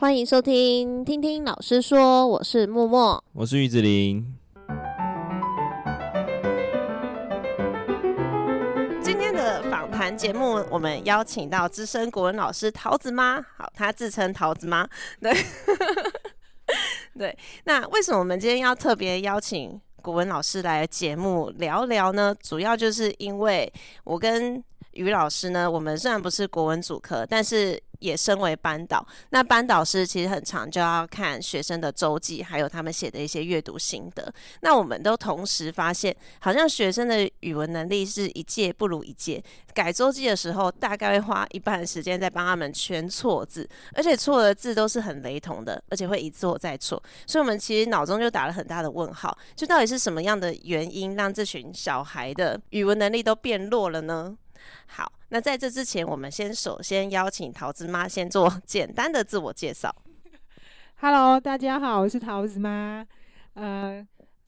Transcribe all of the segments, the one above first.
歡迎收聽《聽聽老師說》，我是莫莫，我是魚子陵。今天的訪談節目，我們邀請到資深國文老師桃子媽。好，她自稱桃子媽。對， 對。那為什麼我們今天要特別邀請國文老師來節目聊聊呢？主要就是因為我跟魚老師呢，我們雖然不是國文主科，但是，也身為班導，那班導師其實很常，就要看學生的周記，還有他們寫的一些閱讀心得。那我們都同時發現，好像學生的語文能力是一屆不如一屆。改周記的時候，大概會花一半的時間在幫他們圈錯字，而且錯的字都是很雷同的，而且會一錯再錯。所以，我們其實腦中就打了很大的問號，就到底是什麼樣的原因，讓這群小孩的語文能力都變弱了呢？好。那在這之前，我們先首先邀請桃子媽先做簡單的自我介紹。Hello，大家好，我是桃子媽。嗯、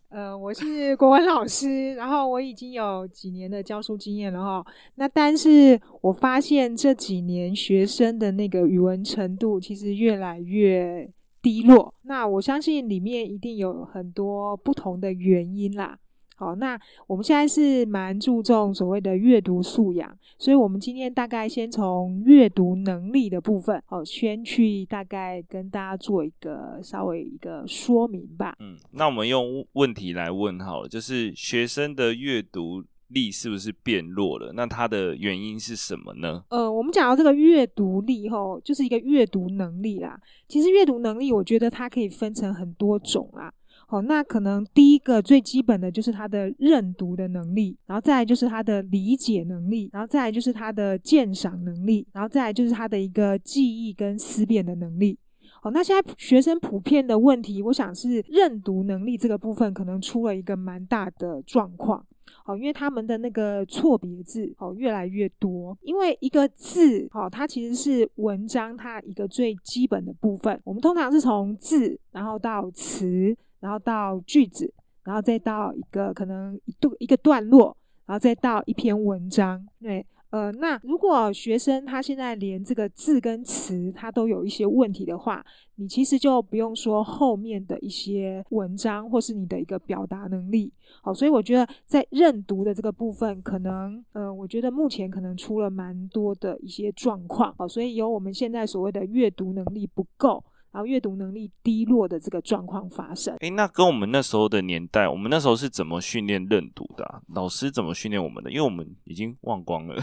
呃，呃，我是國文老師，然後我已經有幾年的教書經驗了哈。那但是我發現這幾年學生的那個語文程度其實越來越低落。那我相信裡面一定有很多不同的原因啦。好，那我們現在是蠻注重所謂的閱讀素養，所以我們今天大概先從閱讀能力的部分，哦，先去大概跟大家做一個稍微一個說明吧。嗯，那我們用問題來問，好了，就是學生的閱讀力是不是變弱了？那它的原因是什麼呢？呃，我們講到這個閱讀力，吼，就是一個閱讀能力啦。其實閱讀能力，我覺得它可以分成很多種啦。哦，那可能第一個最基本的就是他的認讀的能力，然後再來就是他的理解能力，然後再來就是他的鑑賞能力，然後再來就是他的一個記憶跟思辨的能力。好，那現在學生普遍的問題，我想是認讀能力這個部分可能出了一個蠻大的狀況。哦，因為他們的那個錯別字好，越來越多，因為一個字好，它其實是文章它一個最基本的部分。我們通常是從字，然後到詞。然後到句子，然後再到一個可能一段一個段落，然後再到一篇文章。對，呃，那如果學生他現在連這個字跟詞他都有一些問題的話，你其實就不用說後面的一些文章或是你的一個表達能力。好，所以我覺得在認讀的這個部分，可能，呃，我覺得目前可能出了蠻多的一些狀況。好，所以有我們現在所謂的閱讀能力不夠。然後閱讀能力低落的這個狀況發生，誒，那跟我們那時候的年代，我們那時候是怎麼訓練認讀的啊？老師怎麼訓練我們的？因為我們已經忘光了，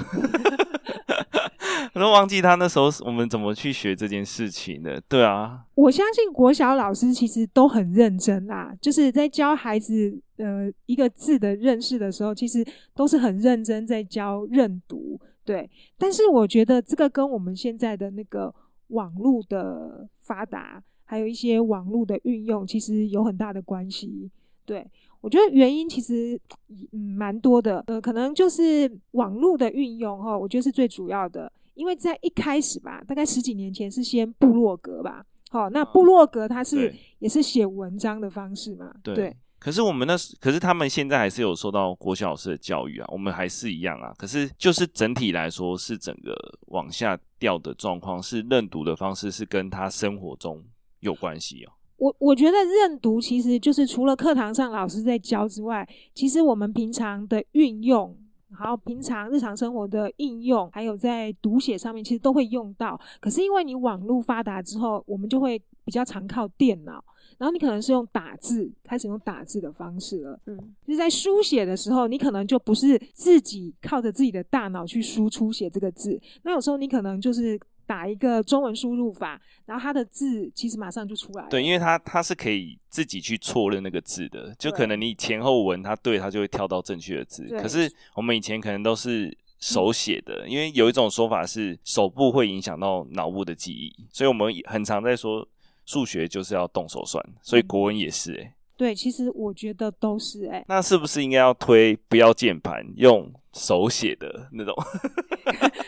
我都忘記他那時候我們怎麼去學這件事情的。對啊，我相信國小老師其實都很認真啊，就是在教孩子呃一個字的認識的時候，其實都是很認真在教認讀。對，但是我覺得這個跟我們現在的那個。網絡的發達，還有一些網絡的運用，其實有很大的關係。對，我覺得原因其實嗯，蠻多的，呃，可能就是網絡的運用，我覺得是最主要的，因為在一開始吧，大概十幾年前是先部落格吧，齁，那部落格它是也是寫文章的方式嘛，對。對。可是我們那，可是他們現在還是有受到國小老師的教育啊，我們還是一樣啊。可是就是整體來說是整個往下掉的狀況，是認讀的方式是跟他生活中有關係哦、啊。我我覺得認讀其實就是除了課堂上老師在教之外，其實我們平常的運用，然後平常日常生活的應用，還有在讀寫上面其實都會用到。可是因為你網絡發達之後，我們就會比較常靠電腦。然後你可能是用打字，開始用打字的方式了。嗯，就是在書寫的時候，你可能就不是自己靠着自己的大腦去輸出寫這個字。那有時候你可能就是打一個中文輸入法，然後它的字其實馬上就出來了。對，因為它它是可以自己去錯認那個字的。就可能你前後文它對，它就會跳到正確的字。對可是我們以前可能都是手寫的，嗯、因為有一種說法是手部會影響到腦部的記憶，所以我們很常在說。數學就是要動手算，所以國文也是哎、欸嗯。對，其實我覺得都是哎、欸。那是不是應該要推不要鍵盤，用手寫的那種？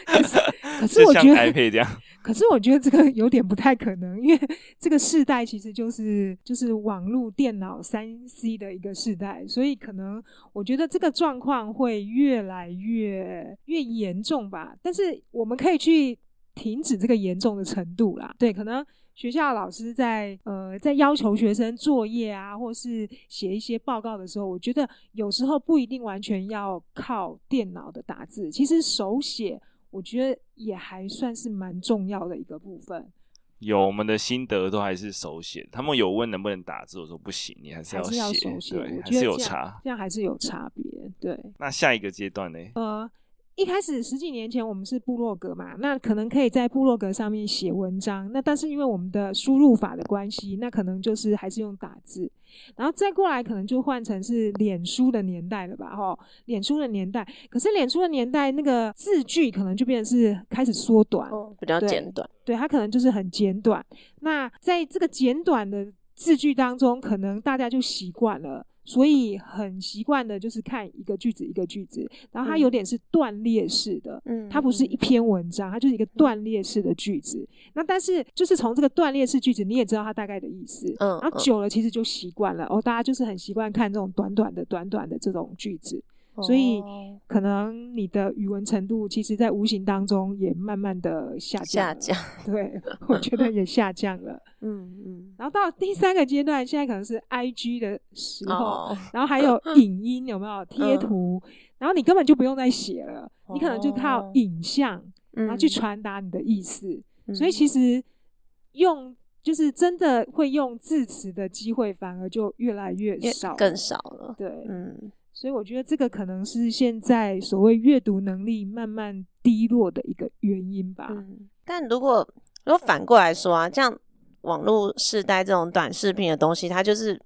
可是，可是我覺得 iPad 這樣。可是我覺得這個有點不太可能，因為這個世代其實就是就是網絡電腦三 C 的一個世代，所以可能我覺得這個狀況會越來越越嚴重吧。但是我們可以去停止這個嚴重的程度啦。對，可能。學校老師在呃在要求學生作業啊，或是寫一些報告的時候，我覺得有時候不一定完全要靠電腦的打字，其實手寫我覺得也還算是蠻重要的一個部分。有我們的心得都還是手寫，他們有問能不能打字，我說不行，你還是要寫。還是有差，這樣還是有差別。對，那下一個階段呢？呃。一開始十幾年前，我們是部落格嘛，那可能可以在部落格上面寫文章，那但是因為我們的輸入法的關係，那可能就是還是用打字，然後再過來可能就換成是臉書的年代了吧，吼、哦，臉書的年代，可是臉書的年代那個字句可能就變成是開始縮短、哦，比較簡短，對，它可能就是很簡短。那在這個簡短的字句當中，可能大家就習慣了。所以很習慣的，就是看一個句子一個句子，然後它有點是斷裂式的，嗯，它不是一篇文章，它就是一個斷裂式的句子。那但是就是從這個斷裂式句子，你也知道它大概的意思，嗯，然後久了其實就習慣了，哦，大家就是很習慣看這種短短的、短短的這種句子。所以，可能你的語文程度，其實在無形當中也慢慢的下降。下降，對，我覺得也下降了。嗯嗯。然後到第三個階段，現在可能是 IG 的時候，然後還有影音有沒有貼圖？然後你根本就不用再寫了，你可能就靠影像，然後去傳達你的意思。所以其實用就是真的會用字詞的機會，反而就越來越少，更少了。對，嗯。所以我覺得這個可能是現在所謂閱讀能力慢慢低落的一個原因吧。嗯，但如果如果反過來說啊，這樣網絡世代這種短視頻的東西，它就是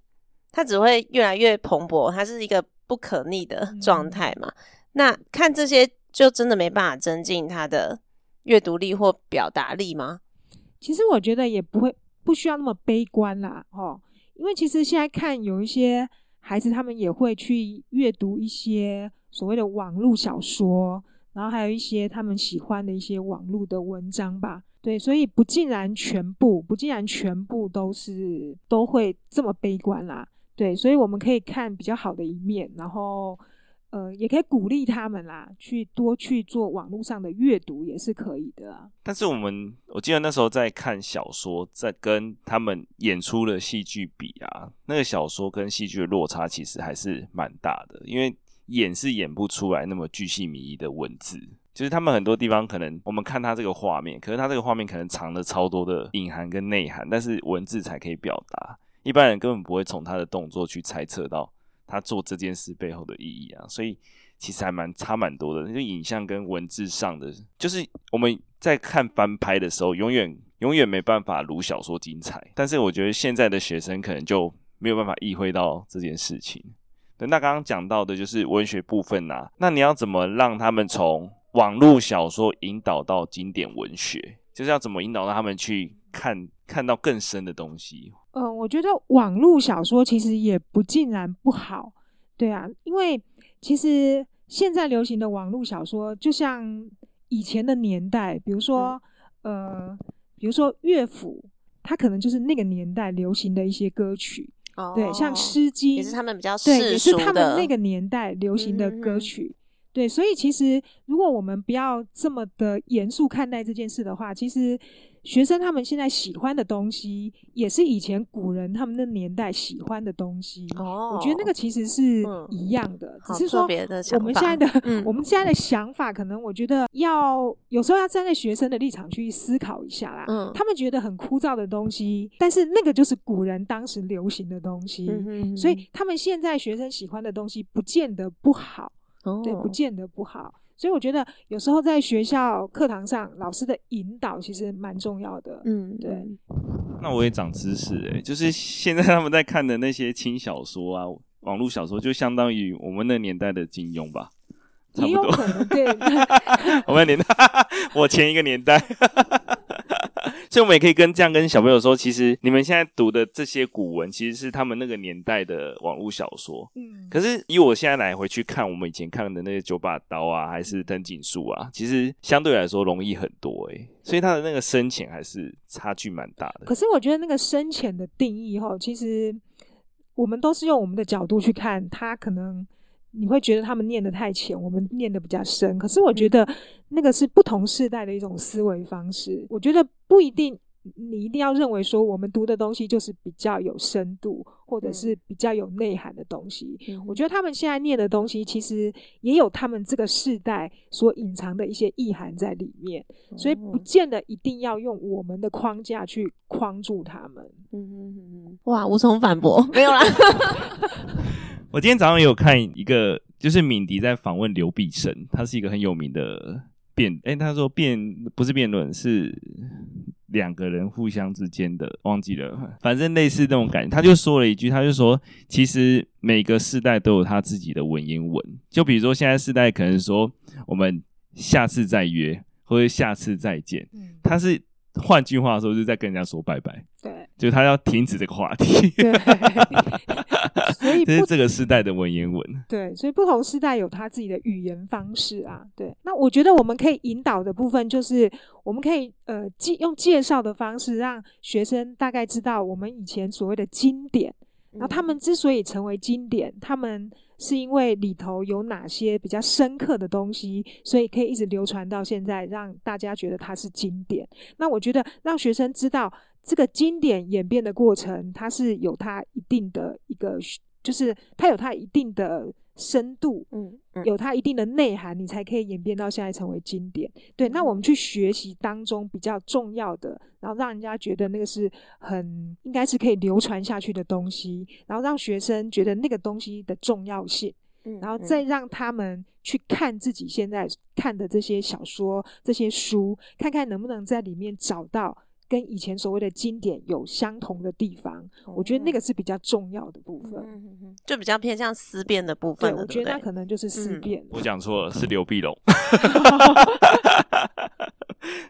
它只會越來越蓬勃，它是一個不可逆的狀態嘛。嗯，那看這些就真的沒辦法增進他的閱讀力或表達力嗎？其實我覺得也不會，不需要那麼悲觀啦。哦，因為其實現在看有一些。孩子他們也會去閱讀一些所謂的網路小說，然後還有一些他們喜歡的一些網路的文章吧。對，所以不盡然全部，不盡然全部都是都會這麼悲觀啦。對，所以我們可以看比較好的一面，然後。呃，也可以鼓勵他們啦，去多去做網絡上的閱讀也是可以的啊。但是我們我記得那時候在看小說，在跟他們演出的戲劇比啊，那個小說跟戲劇的落差其實還是蠻大的，因為演是演不出來那麼巨細靡遺的文字。就是他們很多地方可能我們看他這個畫面，可是他這個畫面可能藏了超多的隱含跟內涵，但是文字才可以表達。一般人根本不會從他的動作去猜測到，他做這件事背後的意義啊，所以其實還蠻差蠻多的，那個影像跟文字上的，就是我們在看翻拍的時候，永遠永遠沒辦法如小說精彩。但是我覺得現在的學生可能就沒有辦法意會到這件事情。等那剛剛講到的就是文學部分吶啊，那你要怎麼讓他們從網絡小說引導到經典文學，就是要怎麼引導讓他們去？看看到更深的東西，嗯、呃，我覺得網絡小說其實也不盡然不好，對啊，因為其實現在流行的網絡小說，就像以前的年代，比如說、嗯、呃，比如說樂府，它可能就是那個年代流行的一些歌曲，哦、對，像《詩經》，也是他們比較，對，也是他們那個年代流行的歌曲，嗯、哼哼對，所以其實如果我們不要這麼的嚴肅看待這件事的話，其實。學生他們現在喜歡的東西，也是以前古人他們那年代喜歡的東西。哦，我覺得那個其實是一樣的，嗯、只是說我們現在的，的我們現在的想法可能，我覺得要有時候要站在學生的立場去思考一下啦。嗯，他們覺得很枯燥的東西，但是那個就是古人當時流行的東西。嗯哼哼，所以他們現在學生喜歡的東西，不見得不好。哦，對，不見得不好。所以我覺得有時候在學校課堂上，老師的引導其實蠻重要的。嗯，對。那我也長知識哎、欸，就是現在他們在看的那些輕小說啊，網絡小說，就相當於我們那年代的金庸吧，差不多。有可能對。 我們年代。我前一個年代。 所以我們也可以跟這樣跟小朋友說，其實你們現在讀的這些古文，其實是他們那個年代的網絡小說。嗯，可是以我現在來回去看，我們以前看的那些九把刀啊，還是藤井樹啊，其實相對來說容易很多誒、欸，所以它的那個深淺還是差距蠻大的。可是我覺得那個深淺的定義哈，其實我們都是用我們的角度去看，它可能。你會覺得他們念的太淺，我們念的比較深。可是我覺得那個是不同世代的一種思維方式。嗯、我覺得不一定，你一定要認為說我們讀的東西就是比較有深度，或者是比較有內涵的東西。嗯、我覺得他們現在念的東西，其實也有他們這個世代所隱藏的一些意涵在裡面。嗯、所以不見得一定要用我們的框架去框住他們。嗯嗯嗯、哇，無從反駁， 沒有啦。 我今天早上有看一個，就是敏迪在訪問劉必生。他是一個很有名的辯，哎、欸，他說辯不是辯論，是兩個人互相之間的，忘記了，反正類似那種感覺。他就說了一句，他就說，其實每個世代都有他自己的文言文，就比如說現在世代可能說，我們下次再約，或者下次再見，他是換句話說就是在跟人家說拜拜，對，就是他要停止這個話題。對 所以不，這是這個時代的文言文。對，所以不同時代有他自己的語言方式啊。對，那我覺得我們可以引導的部分就是，我們可以呃，用介紹的方式讓學生大概知道我們以前所謂的經典，嗯、然後他們之所以成為經典，他們是因為裡頭有哪些比較深刻的東西，所以可以一直流傳到現在，讓大家覺得它是經典。那我覺得讓學生知道。這個經典演變的過程，它是有它一定的一個，就是它有它一定的深度，嗯，有它一定的內涵，你才可以演變到現在成為經典。對，那我們去學習當中比較重要的，然後讓人家覺得那個是很應該是可以流傳下去的東西，然後讓學生覺得那個東西的重要性，然後再讓他們去看自己現在看的這些小說、這些書，看看能不能在裡面找到。跟以前所謂的經典有相同的地方，oh, 我覺得那個是比較重要的部分，就比較偏向思辨的部分對對。我覺得那可能就是思辨。嗯，我講錯了，是劉碧龍，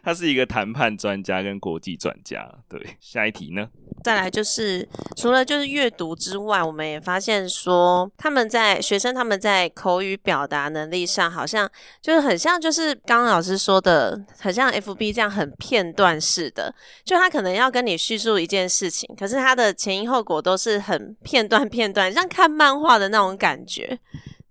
他是一個談判專家跟國際專家。對，下一題呢？再來就是除了就是閱讀之外，我們也發現說他們在學生他們在口語表達能力上，好像就是很像就是剛剛老師說的，很像 FB 這樣很片段式的，就他可能要跟你敘述一件事情，可是他的前因後果都是很片段片段，像看漫畫的那種感覺，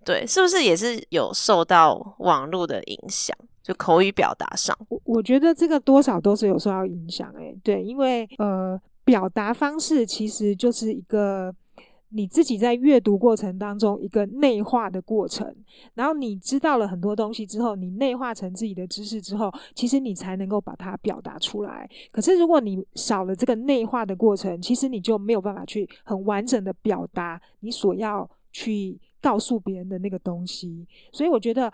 對，是不是也是有受到網絡的影響？就口語表達上，我，我覺得這個多少都是有受到影響，欸，對，因為呃。表達方式其實就是一個你自己在閱讀過程當中一個內化的過程，然後你知道了很多東西之後，你內化成自己的知識之後，其實你才能夠把它表達出來。可是如果你少了這個內化的過程，其實你就沒有辦法去很完整的表達你所要去告訴別人的那個東西。所以我覺得，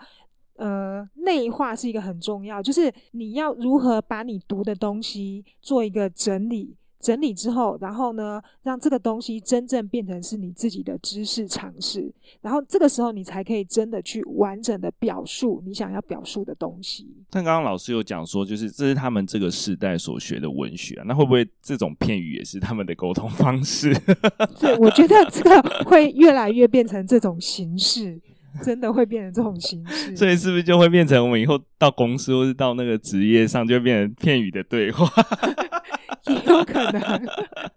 呃，內化是一個很重要，就是你要如何把你讀的東西做一個整理。整理之後，然後呢，讓這個東西真正變成是你自己的知識常識。然後這個時候你才可以真的去完整的表述你想要表述的東西。但剛剛老師有講說，就是這是他們這個時代所學的文學，啊，那會不會這種片語也是他們的溝通方式？對， 我覺得這個會越來越變成這種形式，真的會變成這種形式。 所以是不是就會變成我們以後到公司或是到那個職業上，就會變成片語的對話？ 也有可能，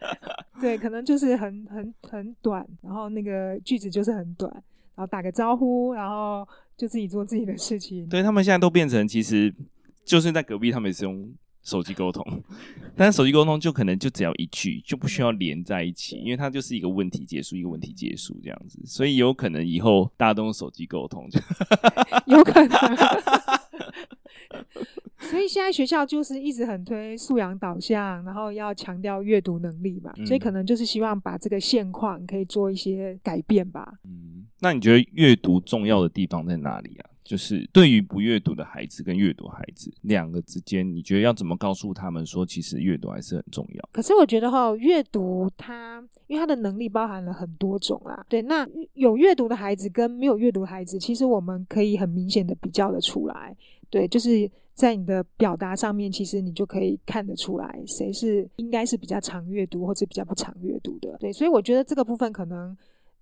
對，可能就是很很很短，然後那個句子就是很短，然後打個招呼，然後就自己做自己的事情。對，他們現在都變成，其實就算在隔壁，他們也是用手機溝通， 但是手機溝通就可能就只要一句，就不需要連在一起，因為它就是一個問題結束，一個問題結束這樣子，所以有可能以後大家都用手機溝通， 有可能。 所以現在學校就是一直很推素養導向，然後要強調閱讀能力嘛，所以可能就是希望把這個現況可以做一些改變吧。嗯，那你覺得閱讀重要的地方在哪裡啊？就是對於不閱讀的孩子跟閱讀孩子兩個之間，你覺得要怎麼告訴他們說，其實閱讀還是很重要？可是我覺得哈、哦，閱讀它，因為它的能力包含了很多種啊。對，那有閱讀的孩子跟沒有閱讀的孩子，其實我們可以很明顯的比較的出來。對，就是在你的表達上面，其實你就可以看得出來，誰是應該是比較常閱讀或者比較不常閱讀的。對，所以我覺得這個部分可能。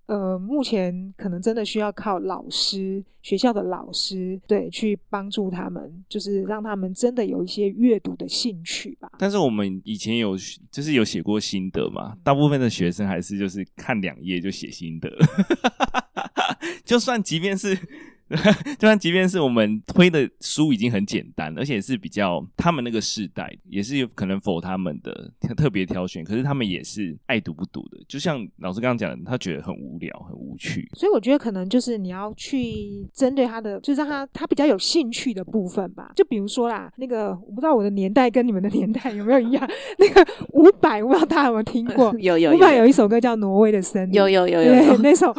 呃，目前可能真的需要靠老師、學校的老師，對，去幫助他們，就是讓他們真的有一些閱讀的興趣吧。但是我們以前有就是有寫過心得嘛，大部分的學生還是就是看兩頁就寫心得， 就算即便是。就算即便是我們推的書已經很簡單，而且是比較他們那個世代，也是有可能否他們的特別挑選。可是他們也是愛讀不讀的，就像老師剛剛講的，他覺得很無聊、很無趣。所以我覺得可能就是你要去針對他的，就是讓他他比較有興趣的部分吧。就比如說啦，那個我不知道我的年代跟你們的年代有沒有一樣。那個伍佰，我不知道大家有沒有聽過？有有伍佰有一首歌叫《挪威的森林》，有有有有那首。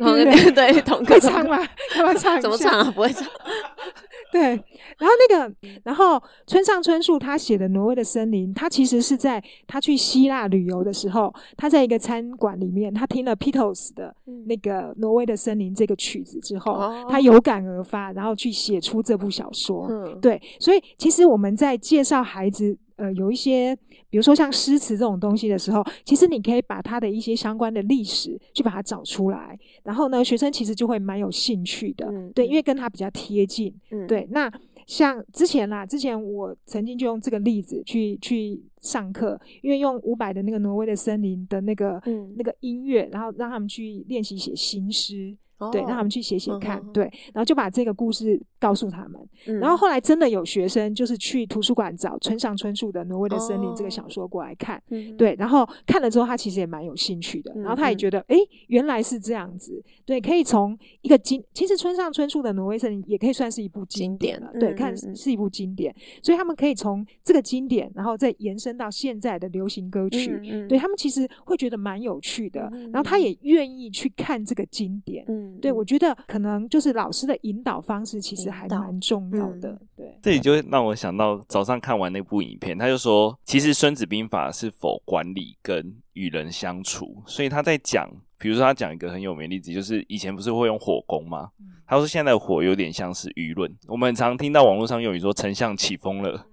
嗯、對，對，同歌唱嘛，要不要唱，怎麼唱啊？不會唱。 對，然後那個，然後村上春樹他寫的《挪威的森林》，他其實是在他去希臘旅遊的時候，他在一個餐館裡面，他聽了 Beatles 的那個《挪威的森林》這個曲子之後，嗯、他有感而發，然後去寫出這部小說。嗯、對，所以其實我們在介紹孩子。呃，有一些，比如說像詩詞這種東西的時候，其實你可以把它的一些相關的歷史去把它找出來，然後呢，學生其實就會蠻有興趣的，嗯、對，因為跟他比較貼近，嗯、對。那像之前啦、啊，之前我曾經就用這個例子去去上課，因為用伍佰的那個挪威的森林的那個、嗯、那個音樂，然後讓他們去練習寫新詩。Oh、對，讓他們去寫寫看，oh、對，然後就把這個故事告訴他們。Oh、然後後來真的有學生就是去圖書館找村上春樹的《挪威的森林》這個小說過來看，oh、對，然後看了之後，他其實也蠻有興趣的。然後他也覺得，哎、欸，原來是這樣子。對，可以從一個經，其實村上春樹的《挪威森林》也可以算是一部經典了。經典對，看是一部經典，嗯嗯嗯，所以他們可以從這個經典，然後再延伸到現在的流行歌曲。嗯嗯，對他們其實會覺得蠻有趣的。然後他也願意去看這個經典。嗯嗯嗯對，嗯、我覺得可能就是老師的引導方式，其實還蠻重要的。嗯、對，這也就讓我想到早上看完那部影片，他就說，其實《孫子兵法》是否管理跟與人相處？所以他在講，比如說他講一個很有名的例子，就是以前不是會用火攻嗎？嗯、他說現在的火有點像是輿論，嗯、我們很常聽到網絡上用語說“丞相起風了”，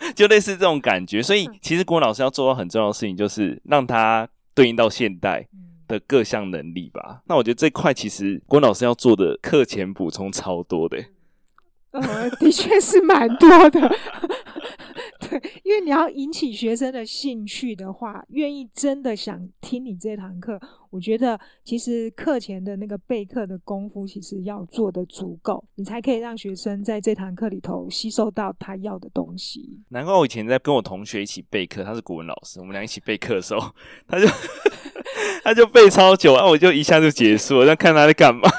嗯、 就類似這種感覺。所以其實國文老師要做到很重要的事情，就是讓他對應到現代。嗯的各項能力吧，那我覺得這塊其實國文老師要做的課前補充超多的、欸呃，的確是蠻多的。 對，因為你要引起學生的興趣的話，願意真的想聽你這堂課，我覺得其實課前的那個備課的功夫，其實要做得足夠，你才可以讓學生在這堂課裡頭吸收到他要的東西。難怪我以前在跟我同學一起備課，他是國文老師，我們倆一起備課的時候，他就。 他就背超久啊，我就一下就結束了。那看他在幹嘛？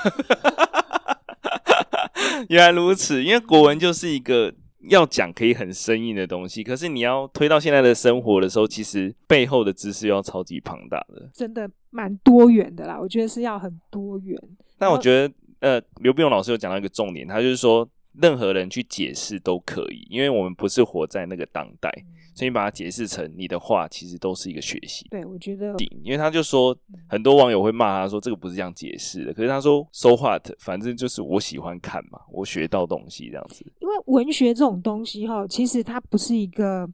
原來如此，因為國文就是一個要講可以很生硬的東西，可是你要推到現在的生活的時候，其實背後的知識又要超級龐大的。真的蠻多元的啦，我覺得是要很多元。那我覺得，為呃，劉必勇老師有講到一個重點，他就是說，任何人去解釋都可以，因為我們不是活在那個當代。嗯先把它解釋成，你的話其實都是一個學習。對，我覺得，因為他就說，很多網友會罵他說，這個不是這樣解釋的。可是他說，so what，反正就是我喜歡看嘛，我學到東西這樣子。因為文學這種東西哈，其實它不是一個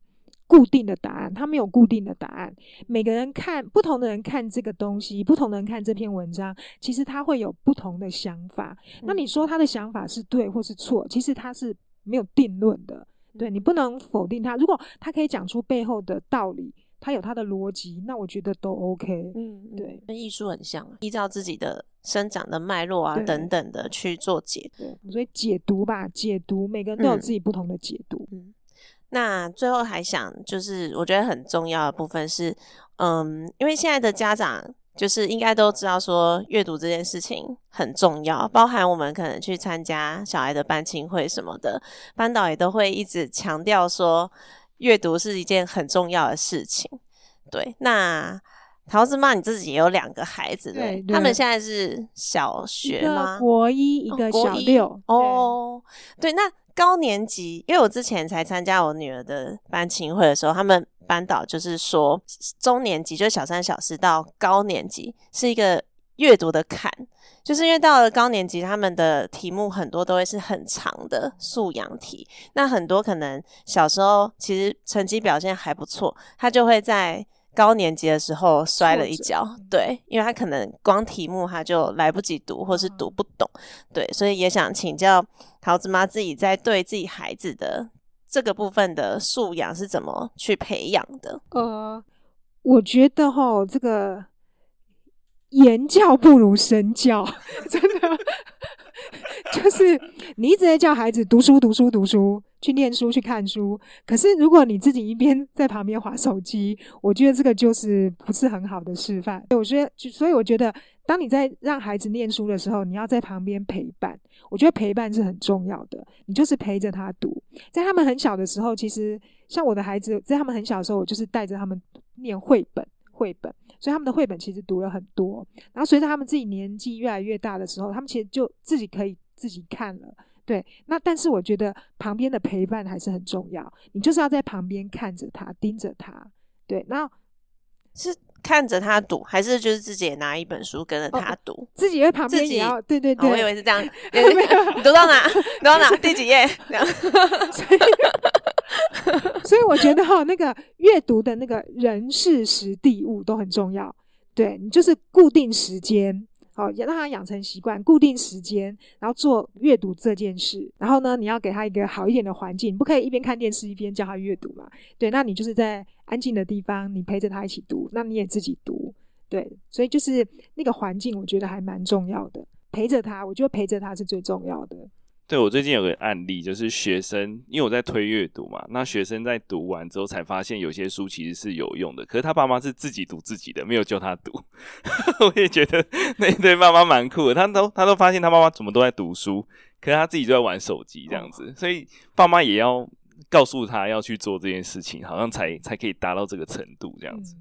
固定的答案，它沒有固定的答案。每個人看不同的人看這個東西，不同的人看這篇文章，其實他會有不同的想法。那你說他的想法是對或是錯，其實他是沒有定論的。對你不能否定他，如果他可以講出背後的道理，他有他的邏輯，那我覺得都 OK。嗯，對，跟藝術很像，依照自己的生長的脈絡啊對等等的去做解讀。對，所以解讀吧，解讀每個人都有自己不同的解讀。嗯，嗯那最後還想就是，我覺得很重要的部分是，嗯，因為現在的家長。就是應該都知道，說閱讀這件事情很重要，包含我們可能去參加小孩的班親會什麼的，班導也都會一直強調說，閱讀是一件很重要的事情。對，那桃子媽你自己也有兩個孩子，對對對，他們現在是小學嗎？一個國一，一個小六。哦，oh, 對，對，那。高年級，因為我之前才參加我女兒的班親會的時候，他們班導就是說，中年級就是小三、小四到高年級是一個閱讀的坎，就是因為到了高年級，他們的題目很多都會是很長的素養題，那很多可能小時候其實成績表現還不錯，他就會在。高年級的時候摔了一跤，對，因為他可能光題目他就來不及讀，或是讀不懂，嗯、對，所以也想請教桃子媽自己在對自己孩子的這個部分的素養是怎麼去培養的？呃，我覺得齁，這個言教不如身教，真的， 就是你一直在叫孩子讀書，讀書，讀書。去念書、去看書，可是如果你自己一邊在旁邊滑手機，我覺得這個就是不是很好的示範。對，我覺得，所以我覺得，當你在讓孩子念書的時候，你要在旁邊陪伴。我覺得陪伴是很重要的，你就是陪着他讀。在他們很小的時候，其實像我的孩子，在他們很小的時候，我就是帶着他們念繪本、繪本，所以他們的繪本其實讀了很多。然後隨着他們自己年紀越來越大的時候，他們其實就自己可以自己看了。對，那但是我覺得旁邊的陪伴還是很重要。你就是要在旁邊看着他，盯着他。對，那是看着他讀，還是就是自己也拿一本書跟着他讀？自己在旁邊。自己，也也要自己對對對、哦，我以為是這樣。啊、有你讀到哪？啊、你讀到哪？是第幾頁？ 所以， 所以我覺得哈，那個閱讀的那個人、事、時、地、物都很重要。對，你就是固定時間。好，也、哦、讓他養成習慣，固定時間，然後做閱讀這件事。然後呢，你要給他一個好一點的環境，不可以一邊看電視一邊叫他閱讀嘛？對，那你就是在安靜的地方，你陪着他一起讀，那你也自己讀。對，所以就是那個環境，我覺得還蠻重要的。陪着他，我覺得陪着他是最重要的。對，我最近有個案例，就是學生，因為我在推閱讀嘛，那學生在讀完之後才發現，有些書其實是有用的，可是他爸媽是自己讀自己的，沒有教他讀。 我也覺得那一對爸媽蠻酷的，他都他都發現他爸媽怎麼都在讀書，可是他自己就在玩手機這樣子，所以爸媽也要告訴他要去做這件事情，好像才才可以達到這個程度這樣子。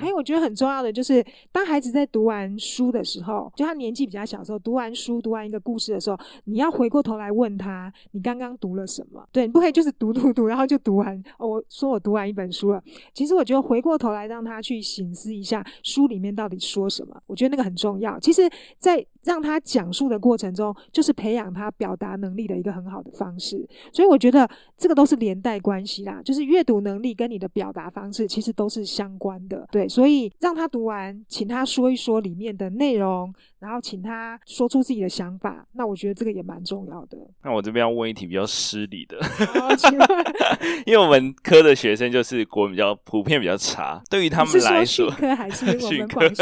還有我覺得很重要的就是，當孩子在讀完書的時候，就他年紀比較小的時候，讀完書讀完一個故事的時候，你要回過頭來問他，你剛剛讀了什麼？對，你不可以就是讀讀讀，然後就讀完。哦，我說我讀完一本書了。其實我覺得回過頭來讓他去省思一下書裡面到底說什麼，我覺得那個很重要。其實，在讓他講述的過程中，就是培養他表達能力的一個很好的方式。所以我覺得這個都是連帶關係啦，就是閱讀能力跟你的表達方式其實都是相關的。對，所以讓他讀完，請他說一說裡面的內容，然後請他說出自己的想法。那我覺得這個也蠻重要的。那我這邊要問一題比較失禮的，哦、 因為我們科的學生就是國文比較普遍比較差，對於他們來說，說科還是我們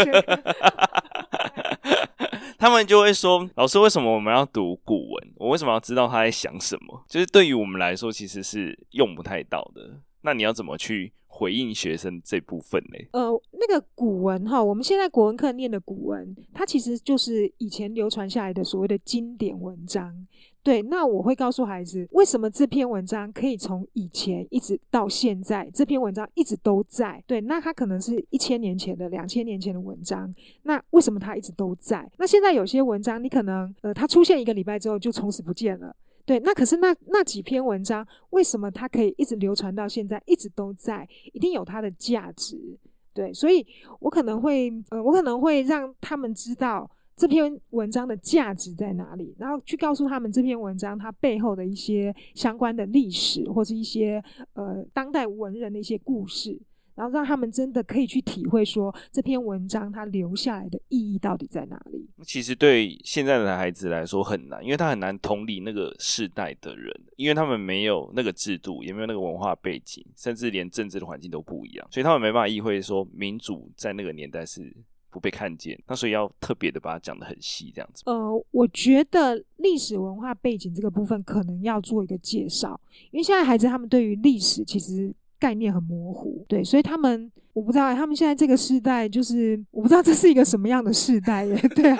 他們就會說：“老師，為什麼我們要讀古文？我為什麼要知道他在想什麼？”就是對於我們來說，其實是用不太到的。那你要怎麼去？回應學生這部分呢？呃，那個古文哈，我們現在國文課念的古文，它其實就是以前流傳下來的所謂的經典文章。對，那我會告訴孩子，為什麼這篇文章可以從以前一直到現在，這篇文章一直都在？對，那它可能是一千年前的、兩千年前的文章，那為什麼它一直都在？那現在有些文章，你可能呃，它出現一個禮拜之後就從此不見了。對，那可是那那幾篇文章，為什麼它可以一直流傳到現在，一直都在，一定有它的價值。對，所以我可能會，呃，我可能會讓他們知道這篇文章的價值在哪裡，然後去告訴他們這篇文章它背後的一些相關的歷史，或是一些呃當代文人的一些故事。然後讓他們真的可以去體會，說，這篇文章它留下來的意義到底在哪裡？其實對現在的孩子來說很難，因為他很難同理那個世代的人，因為他們沒有那個制度，也沒有那個文化背景，甚至連政治的環境都不一樣，所以他們沒辦法意會說民主在那個年代是不被看見。那所以要特別的把它講得很細，這樣子。呃，我覺得歷史文化背景這個部分可能要做一個介紹，因為現在孩子他們對於歷史其實。概念很模糊，對，所以他們我不知道、欸、他們現在這個時代，就是我不知道這是一個什麼樣的時代耶，對啊，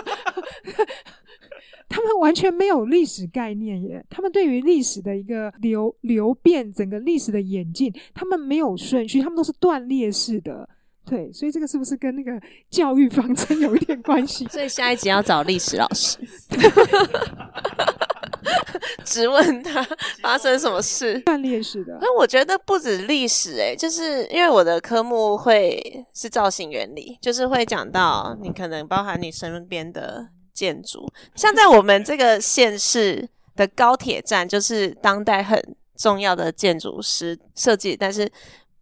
他們完全沒有歷史概念耶，他們對於歷史的一個流流變，整個歷史的演進，他們沒有順序，他們都是斷裂式的，對，所以這個是不是跟那個教育方針有一點關係？所以下一集要找歷史老師。 質 問他發生什麼事，斷裂式的。那我覺得不止歷史，誒，就是因為我的科目會是造型原理，就是會講到你可能包含你身邊的建築，像在我們這個縣市的高鐵站，就是當代很重要的建築師設計，但是。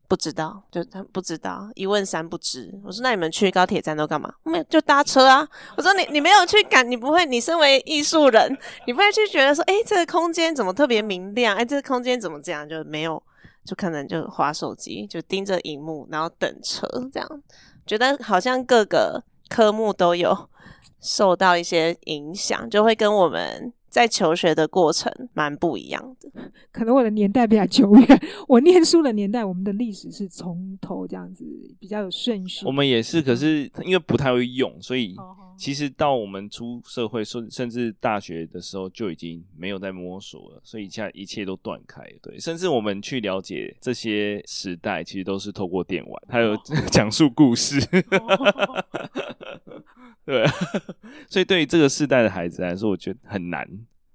不知道，就他不知道，一問三不知。我說：“那你們去高鐵站都幹嘛？”沒有就搭車啊。我說你：“你你沒有去趕，你不會，你身為藝術人，你不會去覺得說，誒，這個空間怎麼特別明亮？誒，這個空間怎麼這樣？就沒有，就可能就滑手機，就盯着熒幕，然後等車，這樣覺得好像各個科目都有受到一些影響，就會跟我們。”在求學的過程蠻不一樣的，可能我的年代比較久遠，我念書的年代，我們的歷史是從頭這樣子比較有順序。我們也是，可是因為不太會用，所以其實到我們出社會，甚甚至大學的時候就已經沒有在摸索了，所以現在一切都斷開。對，甚至我們去了解這些時代，其實都是透過電玩，還有講述故事。哦 對啊，所以對於這個時代的孩子來說，我覺得很難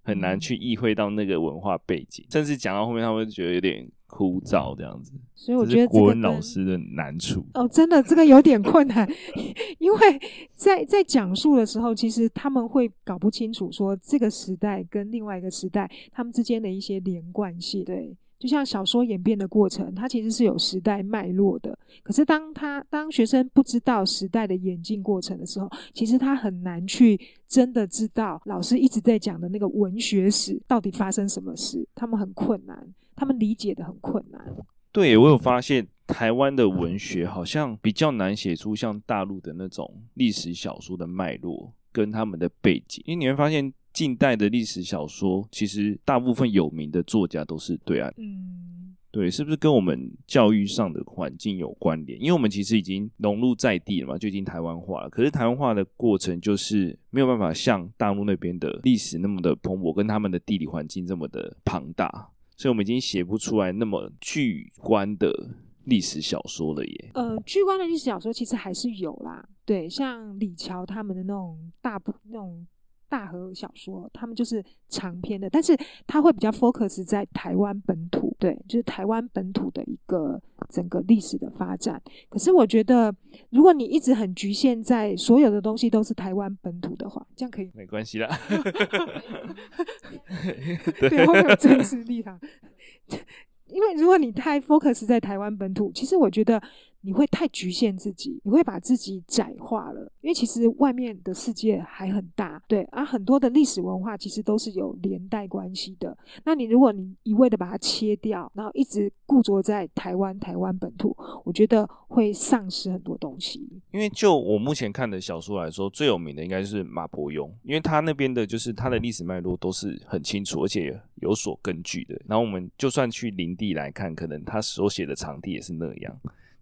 很難去意會到那個文化背景，甚至講到後面他會覺得有點枯燥這樣子。所以我覺得跟國文老師的難處哦，真的這個有點困難， 因為在在講述的時候，其實他們會搞不清楚說這個時代跟另外一個時代他們之間的一些連貫性。對。就像小說演變的過程，它其實是有時代脈絡的。可是，當他當學生不知道時代的演進過程的時候，其實他很難去真的知道老師一直在講的那個文學史到底發生什麼事。他們很困難，他們理解得很困難。對，我有發現，台灣的文學好像比較難寫出像大陸的那種歷史小說的脈絡跟他們的背景，因為你會發現。近代的歷史小說，其實大部分有名的作家都是對岸。嗯，對，是不是跟我們教育上的環境有關聯？因為我們其實已經融入在地了嘛，就已經台灣化了。可是台灣化的過程就是沒有辦法像大陸那邊的歷史那麼的蓬勃，跟他們的地理環境這麼的龐大，所以我們已經寫不出來那麼巨觀的歷史小說了耶。呃，巨觀的歷史小說其實還是有啦，對，像李喬他們的那種大部那種。大河小說，他們就是長篇的，但是他會比較 focus 在台灣本土，對，就是台灣本土的一個整個歷史的發展。可是我覺得，如果你一直很局限在所有的東西都是台灣本土的話，這樣可以沒關係啦。對，我沒有真實立場，因為如果你太 focus 在台灣本土，其實我覺得。你會太局限自己，你會把自己窄化了，因為其實外面的世界還很大，對而、啊、很多的歷史文化其實都是有連帶關係的。那你如果你一味的把它切掉，然後一直固着在台灣台灣本土，我覺得會喪失很多東西。因為就我目前看的小說來說，最有名的應該是馬伯庸，因為他那邊的就是他的歷史脈絡都是很清楚，而且有所根據的。然後我們就算去林地來看，可能他所寫的場地也是那樣。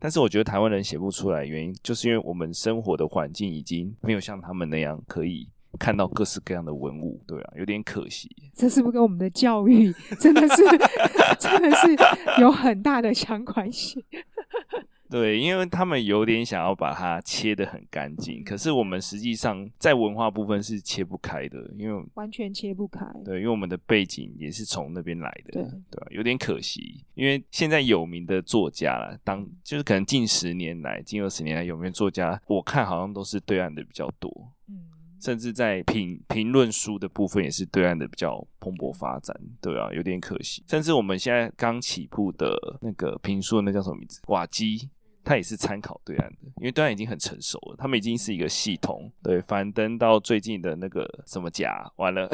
但是我覺得台灣人寫不出來，原因就是因為我們生活的環境已經沒有像他們那樣可以看到各式各樣的文物，對啊，有點可惜。這是不是跟我們的教育真的是 真的是有很大的相關性？ 對，因為他們有點想要把它切得很乾淨，嗯、可是我們實際上在文化部分是切不開的，因為完全切不開。對，因為我們的背景也是從那邊來的，對，對、啊，有點可惜。因為現在有名的作家啦，當就是可能近十年來、近二十年來有名作家，我看好像都是對岸的比較多，嗯，甚至在評評論書的部分也是對岸的比較蓬勃發展，對啊，有點可惜。甚至我們現在剛起步的那個評書，那叫什麼名字？瓦基。他也是參考對岸的，因為對岸已經很成熟了，他們已經是一個系統。對，翻登到最近的那個什麼假，完了，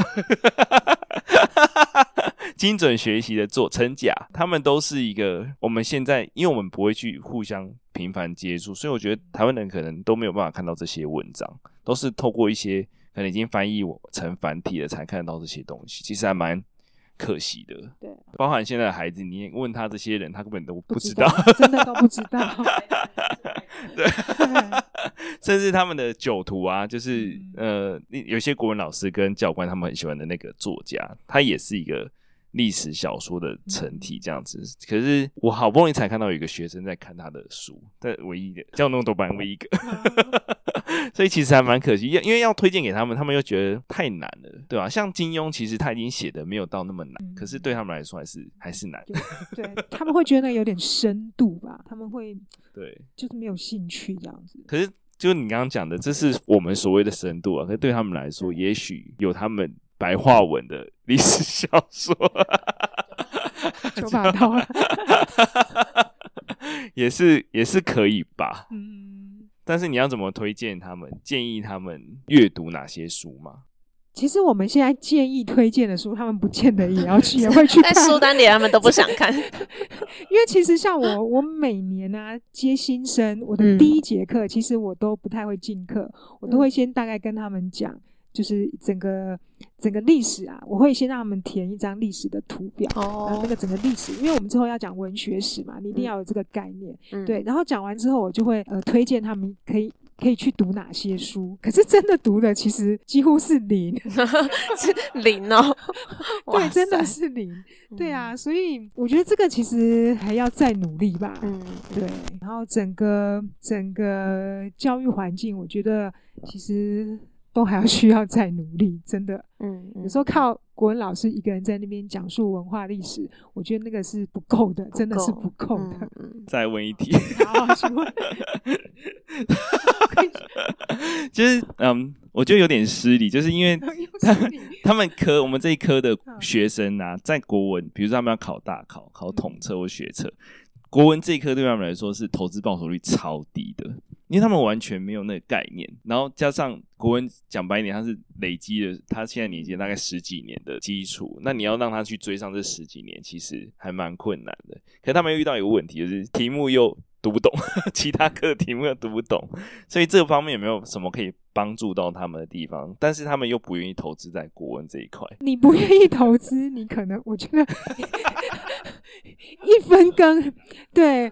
精準學習的做成假，他們都是一個。我們現在，因為我們不會去互相頻繁接觸，所以我覺得台灣人可能都沒有辦法看到這些文章，都是透過一些可能已經翻譯我成繁體了才看得到這些東西。其實還蠻。可惜的，對，包含現在的孩子，你問他這些人，他根本都不知道，不知道真的都不知道， 對，甚至他們的酒徒啊，就是、嗯、呃，有些國文老師跟教官他們很喜歡的那個作家，他也是一個。歷史小說的成體這樣子，嗯、可是我好不容易才看到有一個學生在看他的書，但唯一的，叫那麼多班唯一一個，嗯、 所以其實還蠻可惜，因為要推薦給他們，他們又覺得太難了，對吧？啊，像金庸其實他已經寫的沒有到那麼難，嗯、可是對他們來說還是、嗯、還是難，對他們會覺得有點深度吧， 他們會對就是沒有興趣這樣子。對可是就你剛剛講的，這是我們所謂的深度啊，嗯、可是對他們來說，對也許有他們。白話文的歷史小說，九把刀了， 也是也是可以吧。嗯、但是你要怎麼推薦他們，建議他們閱讀哪些書嗎？其實我們現在建議推薦的書，他們不見得也要去，也會去看。書單裡他們都不想看， 因為其實像我，我每年啊接新生，我的第一節課，其實我都不太會進課，嗯、我都會先大概跟他們講。就是整個整個歷史啊，我會先讓他們填一張歷史的圖表，oh. 然後那個整個歷史，因為我們之後要講文學史嘛，你一定要有這個概念。嗯、對，然後講完之後，我就會呃推薦他們可以可以去讀哪些書。可是真的讀的其實幾乎是零， 是零哦。 對，哇塞，真的是零。對啊，嗯、所以我覺得這個其實還要再努力吧。嗯，對。然後整個整個教育環境，我覺得其實。都還要需要再努力，真的。嗯，有時候靠國文老師一個人在那邊講述文化歷史，嗯、我覺得那個是不夠的，夠真的是不夠的。嗯嗯嗯、再問一題。好，請問。其實，嗯，我覺得有點失禮，就是因為他們 失禮 他們科我們這一科的學生啊，在國文，比如說他們要考大考、考統測或學測，嗯、國文這一科對他們來說是投資報酬率超低的。因為他們完全沒有那個概念，然後加上國文講白一點，他是累積的，他現在年紀大概十幾年的基礎，那你要讓他去追上這十幾年，其實還蠻困難的。可是他們又遇到一個問題，就是題目又讀不懂，其他課題目又讀不懂，所以這方面有沒有什麼可以幫助到他們的地方，但是他們又不願意投資在國文這一塊。你不願意投資， 你可能我覺得 一分耕對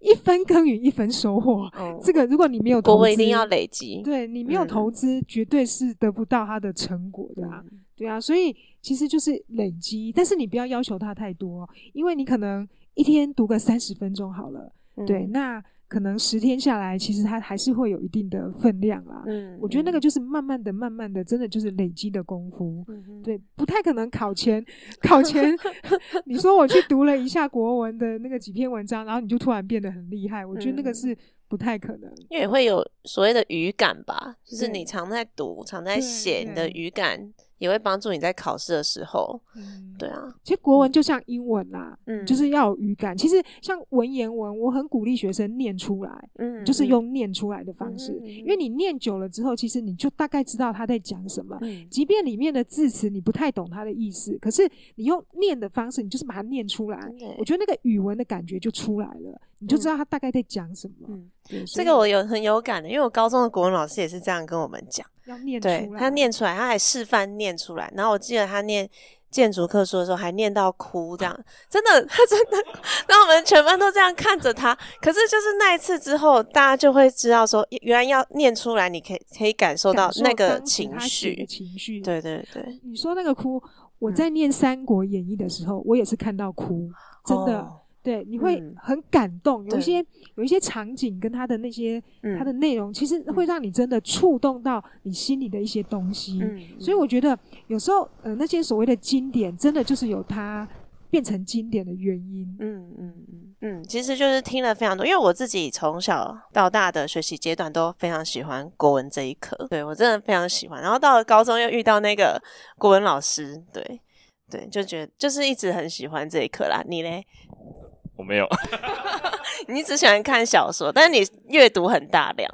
一分耕耘一分收穫。哦、這個如果你沒有投資，一定要累積。對，你沒有投資，嗯、絕對是得不到它的成果的、啊。對啊，所以其實就是累積，但是你不要要求他太多，因為你可能一天讀個三十分鐘好了。嗯、對，那。可能十天下來，其實它還是會有一定的分量啦。嗯，我覺得那個就是慢慢的，嗯、慢慢的，真的就是累積的功夫。嗯、哼對，不太可能考前考前， 你說我去讀了一下國文的那個幾篇文章，然後你就突然變得很厲害。我覺得那個是不太可能，嗯、因為會有所謂的語感吧，對就是你常在讀、常在寫的語感。也會幫助你在考試的時候，嗯，對啊，其實國文就像英文啦，嗯，就是要有語感。嗯、其實像文言文，我很鼓勵學生念出來，嗯，就是用念出來的方式，嗯、因為你念久了之後，其實你就大概知道他在講什麼。嗯、即便裡面的字詞你不太懂他的意思，可是你用念的方式，你就是把它念出來，嗯、耶我覺得那個語文的感覺就出來了。你就知道他大概在講什麼。嗯，這個我有很有感的，因為我高中的國文老師也是這樣跟我們講，要念出來，對，他念出來，他還示範念出來。然後我記得他念《諫逐客書》的時候，還念到哭，這樣、啊、真的，他真的。那 我們全班都這樣看着他。 可是就是那一次之後，大家就會知道說，原來要念出來，你可以可以感受到那個情緒，剛剛情緒。對，對對對，你說那個哭，我在念《三國演義》的時候，嗯、我也是看到哭，真的。哦對，你會很感動，嗯、有一些對有一些場景跟他的那些、嗯、他的內容，其實會讓你真的觸動到你心裡的一些東西。嗯，所以我覺得有時候呃那些所謂的經典，真的就是有它變成經典的原因。嗯嗯嗯嗯，其實就是聽了非常多，因為我自己從小到大的學習階段都非常喜歡國文這一課。對，我真的非常喜歡，然後到了高中又遇到那個國文老師，對對，就覺得就是一直很喜歡這一課啦。你嘞？我沒有， 你只喜歡看小說，但是你閱讀很大量，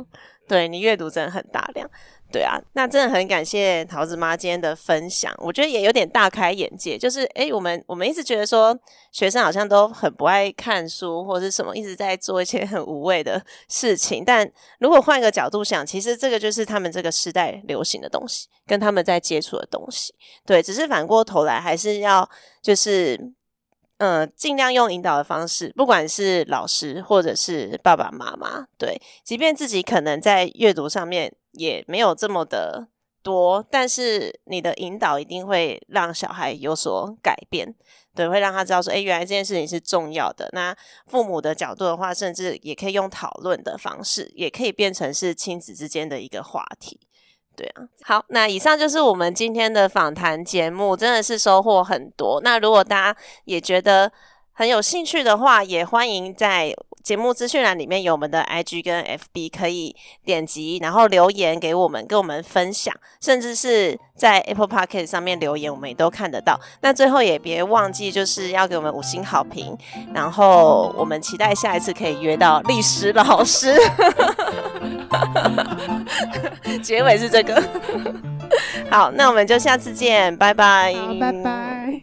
對，你閱讀真的很大量，對啊，那真的很感謝桃子媽今天的分享，我覺得也有點大開眼界。就是，誒，我們我們一直覺得說學生好像都很不愛看書或是什麼，一直在做一些很無謂的事情，但如果換一個角度想，其實這個就是他們這個時代流行的東西，跟他們在接觸的東西，對，只是反過頭來還是要就是。嗯，盡量用引導的方式，不管是老師或者是爸爸媽媽，對，即便自己可能在閱讀上面也沒有這麼的多，但是你的引導一定會讓小孩有所改變，對，會讓他知道說，欸，原來這件事情是重要的。那父母的角度的話，甚至也可以用討論的方式，也可以變成是親子之間的一個話題。對啊，好，那以上就是我們今天的訪談節目，真的是收穫很多。那如果大家也覺得，很有興趣的話，也歡迎在節目資訊欄裡面有我們的 IG 跟 FB，可以點擊然後留言給我們，跟我們分享，甚至是在 Apple Podcast 上面留言，我們也都看得到。那最後也別忘記，就是要給我們五星好評，然後我們期待下一次可以約到歷史老師。 結尾是這個，好，那我們就下次見，拜拜，好，拜拜。